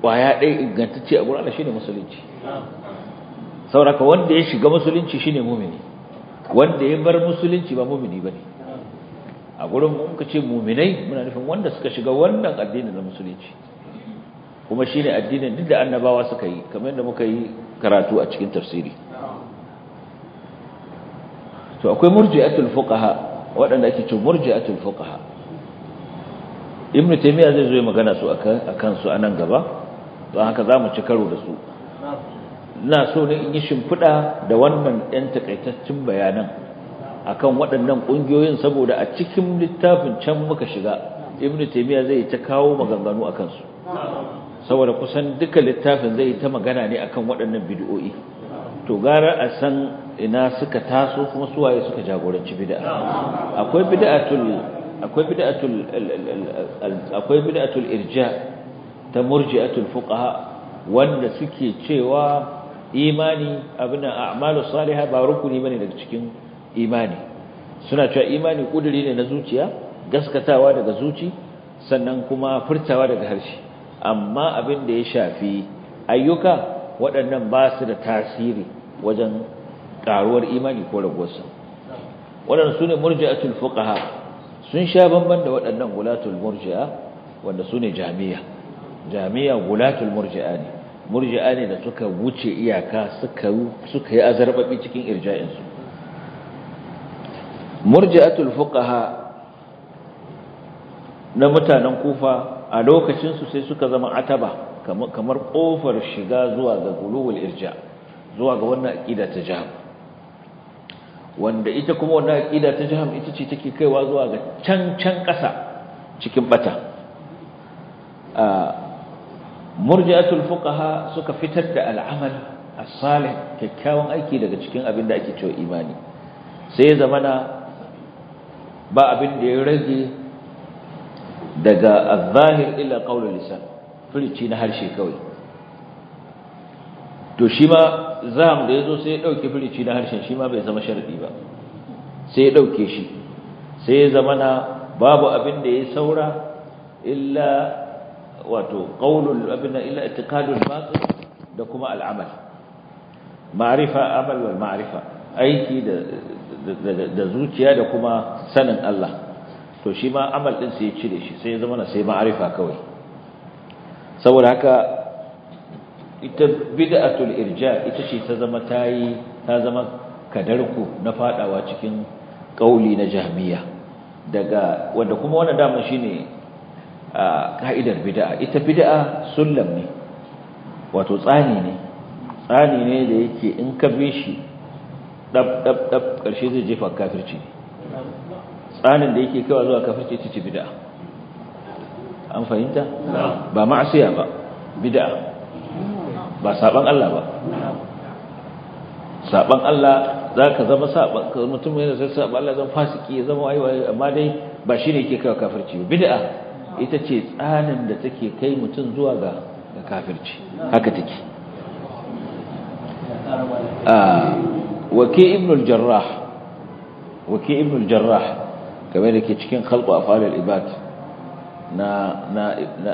A: kwaya dai ingantacce a gurin shine musulunci sauraka wanda ya shiga musulunci shine mumini wanda ya bar musulunci ba mumini bane a gurin muka ce muminai muna nufin wanda suka shiga wannan addini na musulunci kuma shine addinin duk da annabawa suka yi kamar yadda muka yi karatu a cikin tafsiri to akwai murji'atul fuqaha waɗanda ake cewa murji'atul fuqaha ibnu taymiya zai zo magana su akan akan su anan gaba don haka zamu ci karo da su ina so ne in yi shimfiɗa da wannan ɗan takaitaccen bayanan akan waɗannan ƙungiyoyin saboda a cikin littafin can muka shiga ibnu taymiya zai ta kawo maganganu akan su saboda kusan duka littafin zai yi ta magana ne akan waɗannan bid'o'i to gara a san ina suka taso kuma suwaye suka jagoranci bid'a akwai bid'atul akwai bid'atul akwai bid'atul irja ta murji'atul fuqaha wanda suke cewa imani abin a'malu salihah ba rukuni bane daga cikin imani suna cewa imani kuduri ne na zuciya gaskatawa daga zuci sannan kuma furtawa daga harshe amma abin da ya shafi ayyuka waɗannan ba su da tasiri wajen ƙaruwar imani ko raguwarsa waɗanda su ne murji'atul fuqaha sun sha bamban da waɗannan gulatul murji'a wanda su ne jami'a jami'a gulatul murji'a ne murji'a ne da suka wuce iyaka suka yi yi azarbabi cikin irja'insu murji'atul fuqaha na mutanen kufa a lokacinsu sai suka zama ataba kamar ƙofar shiga zuwa ga guluwul irja zuwa ga wannan aƙida ta jihar wanda ita kuma wannan aƙida ta jihar ita ce take kaiwa zuwa ga can can ƙasa cikin bata murji'atul fuqaha suka fitar da al'amal as-salih kyakkyawan aiki daga cikin abin da ake cewa imani sai zamana ba abin da ya rage daga az-zahir illa qawl lisan furici na harshe kawai to shi ma zam da yazo sai ya dauke furici na harshen shi ma bai zama sharadi ba sai ya dauke shi sai ya zama na babu abin da ya saura illa wato qaulul abin illa i'tiqadul batil da kuma al'amal ma'rifa amal wal ma'rifa aiki da da zuciya da kuma sanin Allah to shi ma amal din sai ya cire shi sai ya zama na sai ma'arifa kawai saboda haka ita bid'atul irja ita ce ta zama tayi ta zama kadarku na fadawa cikin kauli na jahmiya daga wanda kuma wannan dama shine a ka'idar bid'a ita bid'a sullam ne wato tsani ne tsani ne da yake in ka bi shi dab dab dab karshe zai jefa kafirci tsanin da yake kawai zuwa ce cici bid'a an fahimta ba ma'asiya ba bid'a
B: ba saban Allah ba
A: saban Allah za ka zama saban mutum yana sai saban Allah zan fasiki ya zama aiwa amma dai ba shine yake kawa kafirci bid'a ita ce tsanin da take kai mutum zuwa ga kafirci haka take
B: wake ah,
A: waki ibn al-jarrah waki ibn al-jarrah kamar da ke cikin khalqu afal al-ibad na na na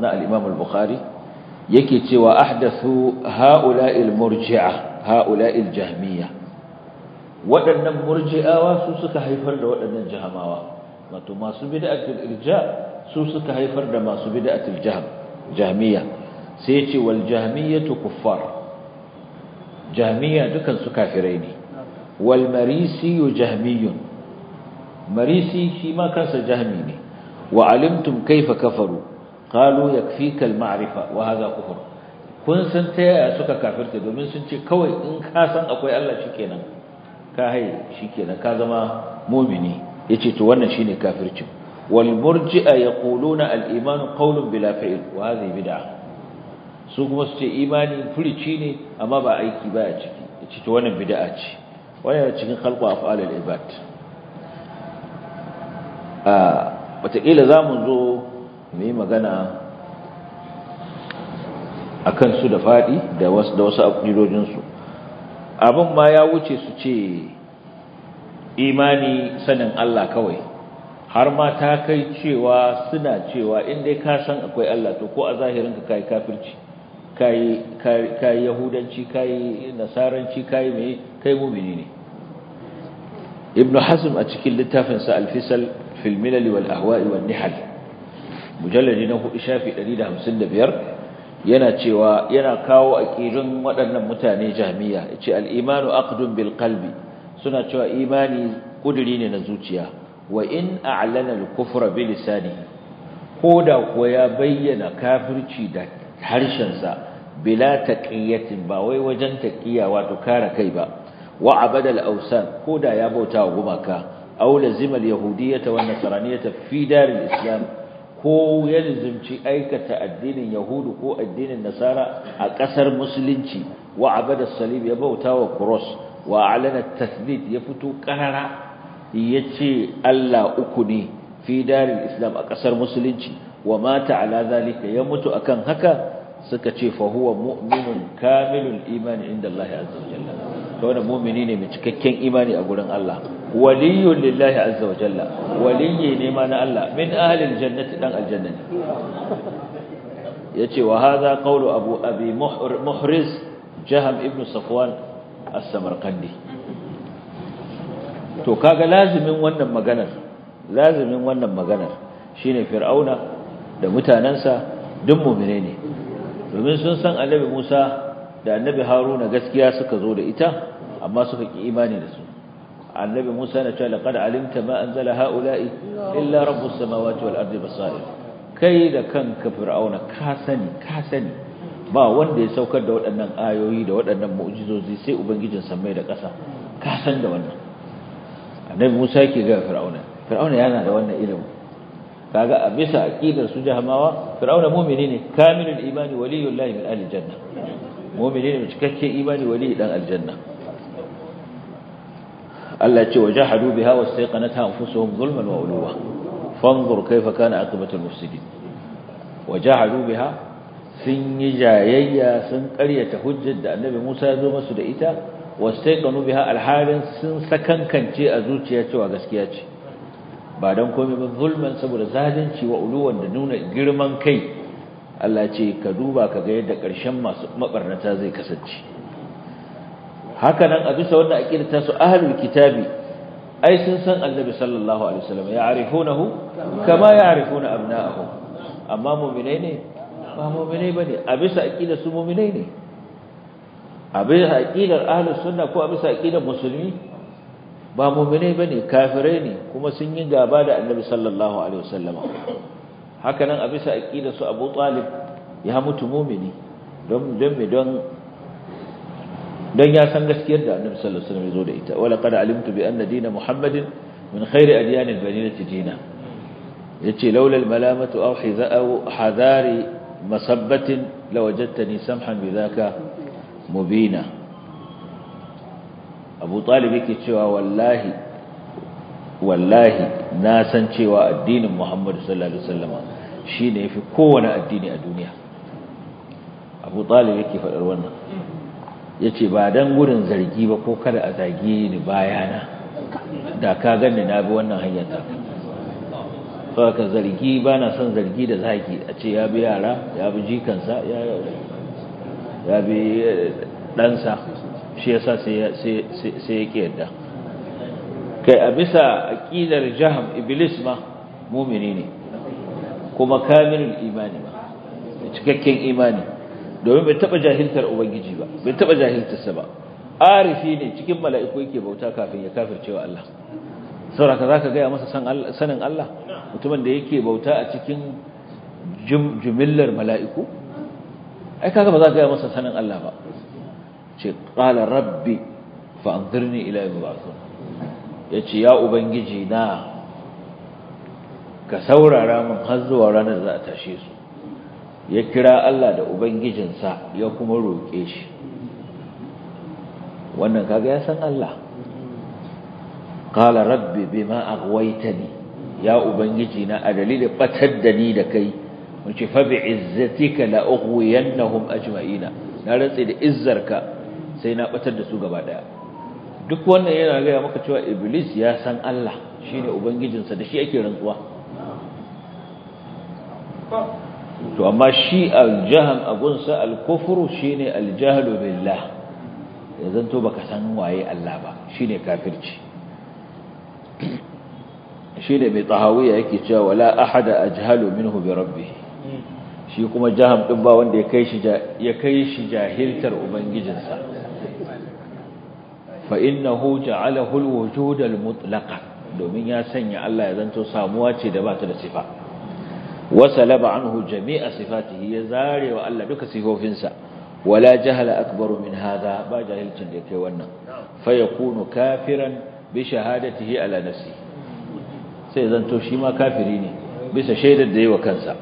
A: na al-imam al-bukhari yake cewa ahdathu ha'ula'i al-murji'a ha'ula'i al-jahmiyya waɗannan murji'awa su suka haifar da waɗannan jahamawa wato masu bid'atul irja su suka haifar da masu bid'atul jahm jahmiyya sai ya ce wal jahmiyyatu kuffar jahmiya dukan su kafirai ne wal marisi jahmiyun marisi shi ma kansa jahmi ne wa alimtum kaifa kafaru qalu yakfika al-ma'rifa wa hadha kufr kun san ta yaya suka kafirta domin sun ce kawai in ka san akwai Allah shikenan ka hai shikenan ka zama mu'mini yace to wannan shine kafircin wal murji'a yaquluna al-iman qawlun bila fi'l wa hadhihi bid'ah su kuma su ce imani furici ne amma ba aiki ba a ciki yace to wannan bid'a ce wannan cikin khalqu af'al al-ibad a wataƙila za mu zo mu yi magana a kansu da faɗi da wasu akwilojinsu abin ma ya wuce su ce imani sanin Allah kawai har ma ta kai cewa suna cewa in dai ka san akwai Allah to ko a zahirin ka kai kafirci kai yahudanci kai nasaranci kai mai kai mu'mini ne Ibn hasim a cikin littafinsa alfisal fil milal wal ahwa'i wan nihal mujalladi na hudu shafi da 155 yana cewa yana kawo aqidun waɗannan mutane jami'a, yace al imanu aqdun bilkalbi. qalbi suna cewa imani ƙuduri ne na zuciya wa in a'lana al kufra bi Ko da kuwa ya bayyana kafirci da harshensa bila taqiyatin ba wai wajen taqiya wato kare kai ba wa abadal awsan koda ya bauta wa gumaka aw lazima al-yahudiyyata wan nasraniyyata fi dar al-islam ko ya lazimci aikata addinin yahudu ko addinin nasara a ƙasar musulunci wa abada salib ya bauta wa cross wa alana tasdid ya fito ya ce Allah uku ne fi dar al-islam a ƙasar musulunci wa mata ala zalika ya mutu akan haka suka ce fa huwa mu'minun kamilul iman inda Allah azza wa to mu'mini ne mai cikakken imani a gurin Allah waliyyu lillahi azza wa jalla waliyyi ne ma na Allah min ahlil jannati dan aljanna ne yace wa hadha qawlu abu abi muhriz jihar ibn safwan as-samarqandi to kaga lazimin wannan maganar lazimin wannan maganar shine fir'auna da mutanansa duk mu'mine ne domin sun san annabi Musa da annabi haruna gaskiya suka zo da ita amma suka ki imani da su annabi musa na cewa laqad alimta ma anzala haula'i illa rabbus samawati wal ardi basair kai da kanka fir'auna ka sani ka sani ba wanda ya saukar da waɗannan ayoyi da waɗannan mu'jizozi sai ubangijin samai da ƙasa ka san da wannan annabi musa yake ga fir'auna fir'auna yana da wannan ilimi kaga a bisa aqidar su jahamawa fir'auna mu'mini ne kamilul imani waliyullahi min ahli janna mu'mini ne cikakke imani wali dan aljanna Allah ce wajahadu biha wastaqanatha anfusuhum zulman wa uluwa fanzur kaifa kana aqibatu almufsidin wajahadu biha sun yi jayayya sun karyata hujjar da annabi Musa ya zo masu da ita wastaqanu biha alharin sun sakankance a zuciya cewa gaskiya ce ba dan komai ba zulman saboda zalunci wa uluwan da nuna girman kai Allah ce ka duba ka ga yadda ƙarshen masu mabarnata zai kasance haka nan a bisa wannan aqida ta su ahlul kitabi ai sun san annabi sallallahu alaihi wasallam ya'rifunahu kama ya'rifuna abna'ahum amma mu'minai ne ba mu'minai bane a bisa aqida su mu'minai ne a bisa aqidar ahlus sunna ko a bisa aqidar musulmi ba mu'minai bane kafirai ne kuma sun yi gaba da annabi sallallahu alaihi wasallam hakanan a bisa aqida su Abu Talib ya mutu mumini don don don ya san gaskiyar da Annabi sallallahu alaihi wasallam ya zo da ita wala qad alimtu bi anna dina Muhammadin min khairi adyanil banilati dina yace laula al malamatu aw hizau hadari masabbatin lawajadtani samhan bidhaka mubina Abu Talib yake cewa wallahi wallahi na san cewa addinin Muhammad sallallahu alaihi wasallama shine yafi kowane addini a duniya Abu Talib yake faɗar wannan yace ba dan gurin zargi ba ko kada a zagi ni bayana da ka ganni na bi wannan hanyar ta ka zargi ba na son zargi da zagi a ce ya bi yara ya bi jikansa ya ya bi eh, ɗansa shi yasa sai sai sai yake yadda kai a bisa aqidar jahm iblis ma mumini ne kuma kamilul imani ba cikakken imani domin bai taba jahiltar ubangiji ba bai taba jahiltarsa ba arifi ne cikin mala'iku yake bauta kafin ya kafirce wa Allah sauraka zaka ga ya masa sanin Allah mutumin da yake bauta a cikin jumillar mala'iku ai kaga ba za ka ga masa sanin Allah ba ce qala rabbi fa anzirni ila yawm yub'athun ya ce ya ubangiji na ka saurara mun har zuwa ranar za a tashe su ya kira Allah da ubangijinsa ya kuma roƙe shi wannan kaga ya san Allah kala rabbi bima ni. ya ubangiji na a dalilin batar da ni da kai mun ce fa bi'izzatika la ughwiyannahum ajma'ina na rantsi da izzarka sai na batar da su gaba daya duk wannan yana gaya maka cewa iblis ya san Allah shine ubangijinsa da shi ake rantsuwa to amma shi aljaham agunsa alkufru shine aljahlu billah yanzu to baka san waye Allah ba shine kafirci shine mai tahawiya yake cewa wala ahada ajhalu minhu bi rabbi. shi kuma jahan din ba wanda ya kai shi ya kai shi jahiltar ubangijinsa fa innahu ja'alahu al-wujud al-mutlaqa domin ya sanya Allah ya zanto samuwa ce da ba ta da sifa wasalaba anhu jami'a sifatihi ya zare wa Allah duka sifofinsa wala jahala akbaru min hadha ba jahilcin da kai wannan fa yakunu kafiran bi shahadatihi ala nafsi sai zanto shi ma kafiri ne bisa shaidar da yayi wa kansa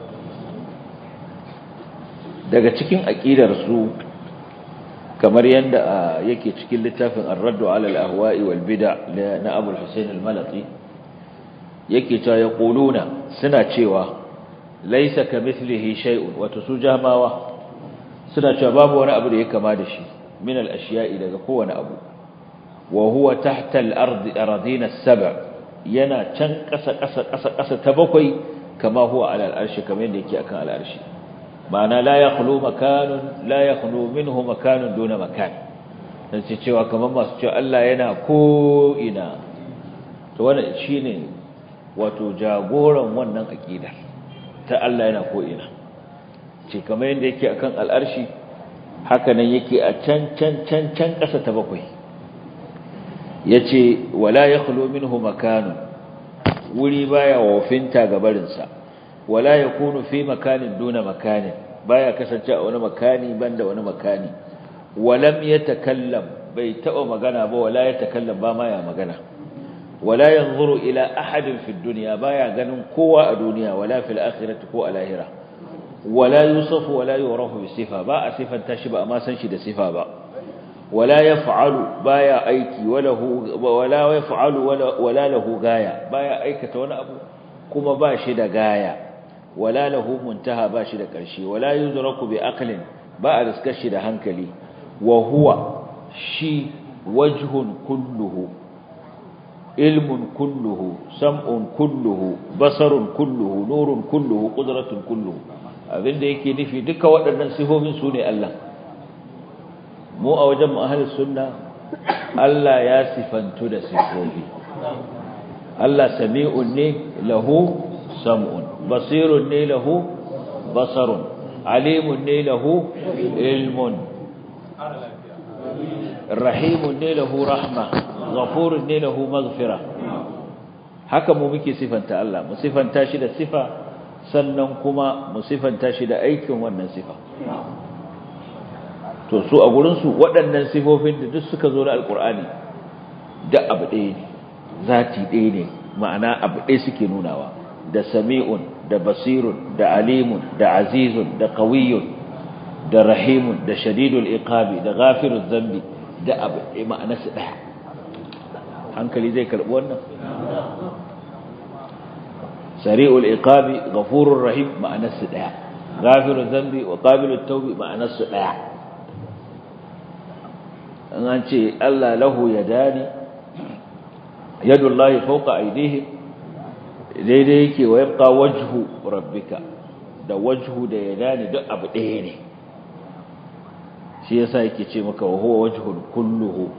A: daga cikin aqidar su kamar yadda yake cikin littafin ar-raddu ala al-ahwa'i wal bid'a na Abu al-Husayn al-Malati yake ta yaquluna suna cewa laysa kamithlihi shay'un wato su jamawa suna cewa babu wani abu da ya kama da shi min al-ashiya'i daga kowane abu wa huwa tahta al-ard aradina as-sab' yana can kasa kasa kasa ta bakwai kama huwa ala al-arshi kamar yadda yake akan al-arshi ma'ana la yakhlu makanun la yakhlu minhu makanun duna makan dan ce cewa kamar masu cewa Allah yana ko ina to wannan shine wato jagoran wannan aqidar ta Allah yana ko ina ce kamar yadda yake akan al'arshi haka nan yake a can can can can ƙasa ta bakwai yace wala yakhlu minhu makanun wuri baya wofinta gabarinsa wala yakunu fi makanin duna makanin baya kasance a wani makani banda wani makani walam yatakallam bai taba magana ba wala yatakallam ba ma ya magana wala yanzuru ila ahadin fi dunya baya ganin kowa a duniya wala fil akhirati ko a lahira wala yusafu wala yurahu bi sifa ba a sifan shi ba amma san shi da sifa ba wala yaf'alu baya aiki wala wala yaf'alu wala lahu gaya baya aikata wani abu kuma ba shi da gaya wala lahu muntaha bashi da ƙarshe wala yudraku bi aqlin ba a riskar shi da hankali wa huwa shi wajhun kulluhu ilmun kulluhu sam'un kulluhu basarun kulluhu nurun kulluhu qudratun kulluhu abinda yake nufi duka waɗannan sifofin su ne Allah mu a wajen mu ahlus sunna Allah ya sifantu da sifofi Allah sami'un ne lahu sam'un basirun ne lahu basarun alimun ne lahu ilmun rahimun ne lahu rahma ghafurun ne lahu maghfira haka mu muke sifanta Allah mu sifanta shi da sifa sannan kuma mu sifanta shi da aikin wannan sifa to su a gurin su waɗannan sifofin da duk suka zo na alkur'ani da abu ɗaya ne zati ɗaya ne ma'ana abu ɗaya suke nunawa da sami'un da basirun da alimun da azizun da ƙawiyun da rahimun da shadidul iqabi da ghafiruz zambi da abu eh, ma'anarsa daya hankali zai karbi wannan sari'ul iqabi ghafurur rahim ma'anarsa daya ghafiruz zambi wa qabilut tawbi ma'anarsa daya an ce Allah lahu yadani yadullahi fawqa aydihim daidai yake wa yabqa wajhu rabbika da wajhu da yadani duk abu ɗaya ne shi yasa yake ce maka wa huwa wajhul kulluhu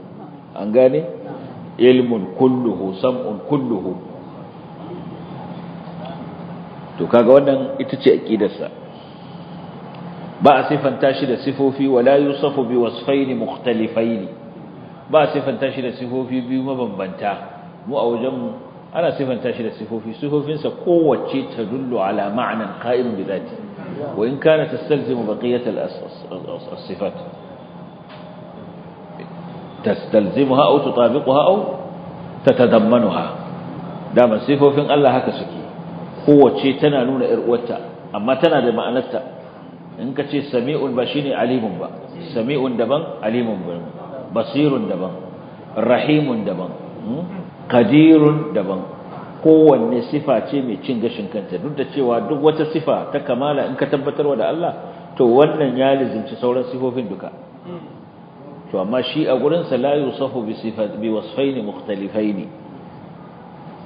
A: an gane ilmun kulluhu sam'un kulluhu to kaga wannan ita ce aqidarsa ba a sifanta shi da sifofi wala yusafu bi wasfaini mukhtalifaini ba a sifanta shi da sifofi biyu mabambanta mu a wajen ana sifanta shi da sifofi sifofinsa kowace ta dullo ala ma'anan qa'imun bi dhati wa in kana tastalzimu baqiyat as-sifat tastalzimuha aw tutabiquha aw tatadammanuha dama sifofin Allah haka suke kowace tana nuna ƴar amma tana da ma'anarta in ka ce sami'un ba shine alimun ba sami'un daban alimun daban basirun daban rahimun daban kadirun hmm? daban kowanne sifa ce mai cin gashin kanta duk da cewa duk wata sifa ta kamala in ka tabbatarwa da Allah to wannan ya lizinci sauran sifofin duka to amma shi a gurin sa la yusafu bi sifat bi wasfain mukhtalifain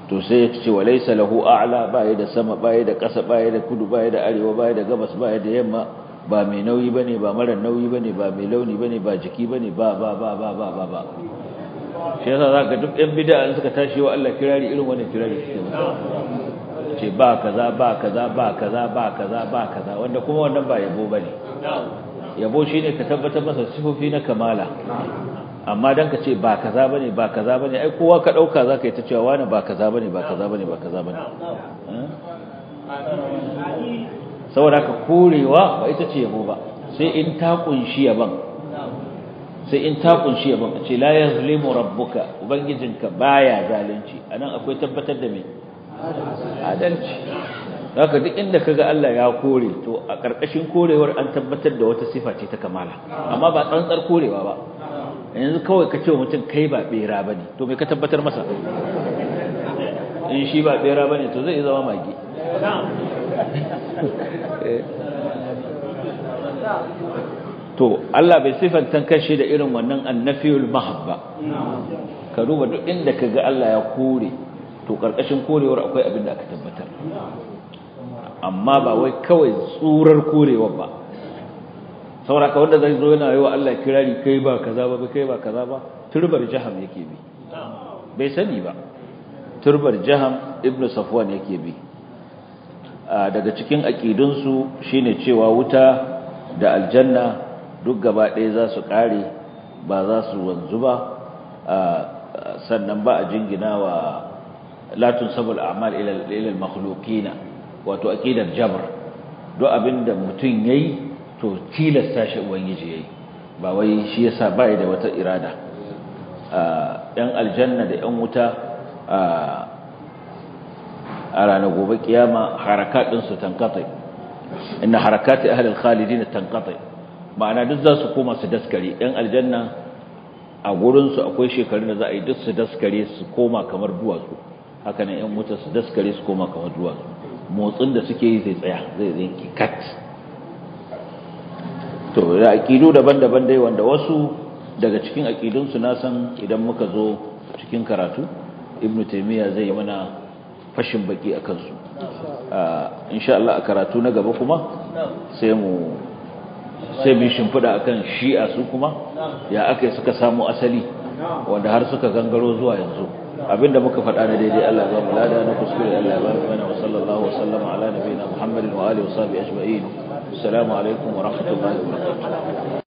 A: to sai ya ce walaysa lahu a'la baya da sama baya da ƙasa baya da kudu baya da arewa baya da gabas baya da yamma ba mai nauyi bane ba mara nauyi bane ba mai launi bane ba jiki bane ba ba ba ba ba ba shi yasa ka duk 'yan bid'a suka tashi wa Allah kirari irin wannan kirari suke masa ce ba kaza ba kaza ba kaza ba kaza ba kaza wanda kuma wannan ba yabo ba ne. yabo shi ne ka tabbatar masa sifofi na kamala amma don ka ce ba kaza ne ba kaza bane ai kowa ka dauka ka yi ta cewa wani ba kaza bane ba kaza bane ba kaza ne saboda ka korewa ba ita ce yabo ba sai in ta kunshi yaban sai in ta kunshi yabon a ce la yazlimu rabbuka ubangijinka baya zalunci anan akwai tabbatar da me adalci haka duk inda kaga Allah ya kore to a karkashin korewar an tabbatar da wata sifa ce ta kamala amma ba tsantsar korewa ba yanzu kawai ka ce wa mutum kai ba bera bane to me ka tabbatar masa in shi ba bera bane to zai zama mage
B: eh.
A: to Allah bai sifanta kashi da irin wannan annafiyul mahabba ka duba duk inda kaga Allah ya kore to karkashin korewar akwai abin da aka tabbatar amma ba wai kawai tsurar korewa ba sauraka wanda zai zo yana yiwa Allah kirari kai ba kaza ba kai ba kaza ba turbar jaham yake bi bai sani ba turbar jaham ibnu safwan yake bi daga cikin aqidunsu shine cewa wuta da aljanna duk gaba ɗaya za su ƙare ba za su wanzu ba sannan ba a jingina wa latun sabul amal ilal makhluqina wato aqidar jabr duk abinda mutum yayi to tilasta shi ubangiji yayi ba wai shi yasa ba da wata irada ɗan aljanna da ɗan wuta a ranar gobe kiyama harakatinsu tankatai inna harakati khalidi khalidina tankatai ma'ana duk za su koma su daskare ɗan aljanna a gurinsu akwai shekaru da za a yi duk su daskare su koma kamar duwatsu haka nan 'yan wuta su daskare su koma kamar duwatsu motsin da suke yi zai tsaya zai zinki kat to da aƙidu daban-daban dai wanda wasu daga cikin aƙidunsu na san idan muka zo cikin karatu ibn taimiyya zai yi mana fashin baki a kansu ah, insha Allah a karatu na gaba kuma sai mu sai mun shimfida akan shi'a su kuma ya aka suka samu asali wanda har suka gangaro zuwa yanzu abinda muka faɗa na daidai Allah ya mu lada na kuskure Allah ya ba mu mana wa sallallahu wa sallama ala nabiyina Muhammadin wa alihi wa sahbihi ajma'in
B: assalamu alaikum wa rahmatullahi wa barakatuh